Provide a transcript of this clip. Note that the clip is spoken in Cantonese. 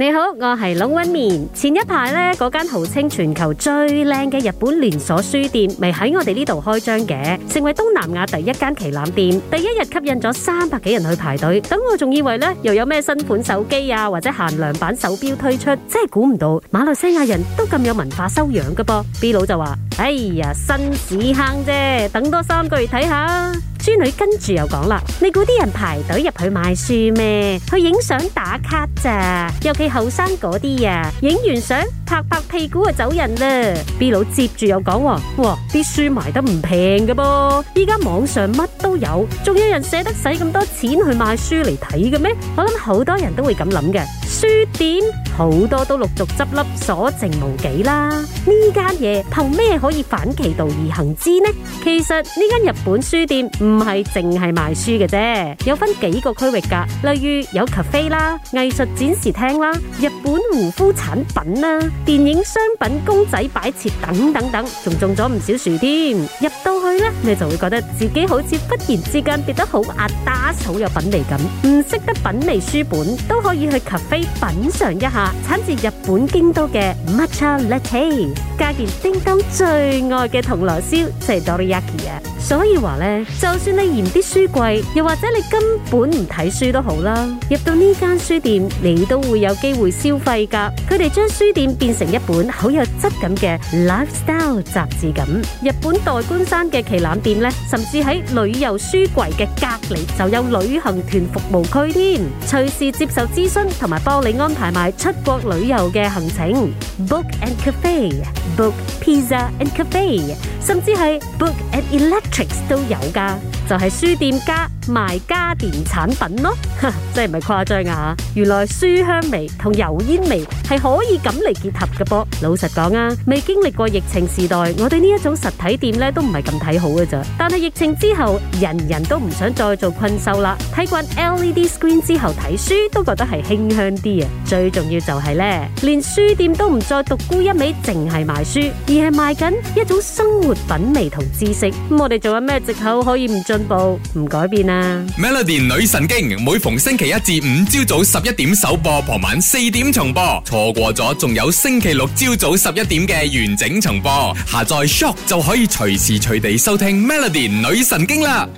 你好，我係龍紋敏。前一排咧，嗰間號稱全球最靚嘅日本連鎖書店，未喺我哋呢度開張嘅，成為東南亞第一間旗艦店。第一日吸引咗三百幾人去排隊。等我仲以為咧又有咩新款手機啊，或者限量版手表推出，真係估唔到馬來西亞人都咁有文化修養噶噃。B 佬就話：哎呀，新屎坑啫，等多三個月睇下。書女跟住又講啦，你估啲人排隊入去買書咩？去影相打卡咋？尤其後生嗰啲啊，影完相拍拍屁股就走人啦。B 佬接住又講，哇，啲書賣得唔平嘅噃，依家網上乜都有，仲有人捨得使咁多錢去買書嚟睇嘅咩？我諗好多人都會咁諗嘅。書店好多都陸續執笠，所剩無幾啦。呢間嘢憑咩可以反其道而行之呢？其實呢間日本書店唔係淨係賣書嘅啫，有分幾個區域噶，例如有 cafe 啦、藝術展示廳啦、日本護膚產品啦、電影商品、公仔擺設等等等，仲種咗唔少樹添。入到去呢，你就會覺得自己好似忽然之間變得好阿打，好有品味咁。唔識得品味書本，都可以去 cafe。品嘗一下產自日本京都嘅 matcha latte，加件叮噹最愛嘅銅鑼燒，即係 dorayaki 啊！所以話呢，就算你嫌啲書貴，又或者你根本唔睇書都好啦，入到呢間書店，你都會有機會消費噶。佢哋將書店變成一本好有質感嘅 lifestyle 雜誌咁。日本代官山嘅旗艦店呢，甚至喺旅遊書櫃嘅隔籬就有旅行團服務區添，隨時接受諮詢同埋幫你安排埋出國旅遊嘅行程。book and cafe，book pizza and cafe，甚至係 book and electrics 都有噶，就係書店加賣家電產品咯，真係唔係誇張啊！原來書香味同油煙味係可以咁嚟結合嘅噃。老實講啊，未經歷過疫情時代，我哋呢一種實體店咧都唔係咁睇好㗎咋。但係疫情之後，人人都唔想再做困獸啦。睇慣 LED screen 之後睇書，都覺得係輕香啲啊。最重要就係咧，連書店都唔再獨沽一味，淨係賣書，而係賣緊一種生活品味同知識。咁我哋仲有咩借口可以唔進步、唔改變啊？Melody 女神經每逢星期一至五朝早十一點首播，傍晚四點重播。錯過咗，仲有星期六朝早十一點嘅完整重播。下載 Shock 就可以隨時隨地收聽 Melody 女神經啦。